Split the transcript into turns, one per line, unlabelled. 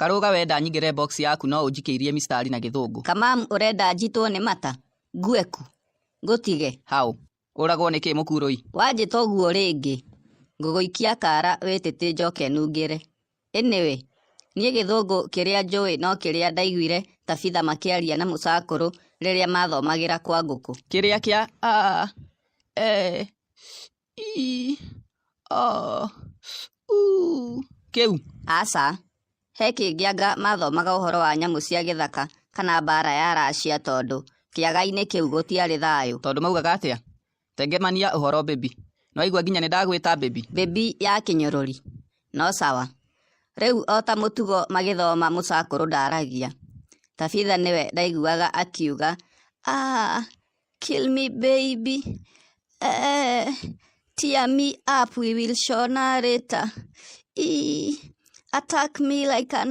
Karũga wenda nyingĩre box yaku no ũnjikĩirie mistari na gĩthũngũ.
Kamam ũrenda njitwo nĩ mata? ngueku ngutige Ngũtige.
Hau. Ũragwo nĩ kĩ mũkurũi?
Wanjĩta ũguo rĩngĩ. Ngũgũikia kara wĩtĩtĩ njoke nungĩre. Anyway, niĩ gĩthũngũ kĩrĩa njũĩ no kĩrĩa ndaiguire tabitha makĩaria na mũcakũrũ rĩrĩa mathomagĩra kwa ngũkũ.
Kĩrĩa kĩa a e i o u kĩu.
Aca he kĩngĩanga mathomaga ũhoro wa nyamũ cia gĩthaka kana mbaara ya racia tondũ kĩaga-inĩ kĩu gũtiarĩ thayũ
tondũ maugaga atĩa tengemania ũhoro no aigua nginya nĩ ndagwĩta bebi
bebi ya kĩnyũrũri no sawa rĩu o ta mũtugo magĩthoma mũcakũrũ ndaragia tabitha nĩwe ndaiguaga akiuga ah, attack me like an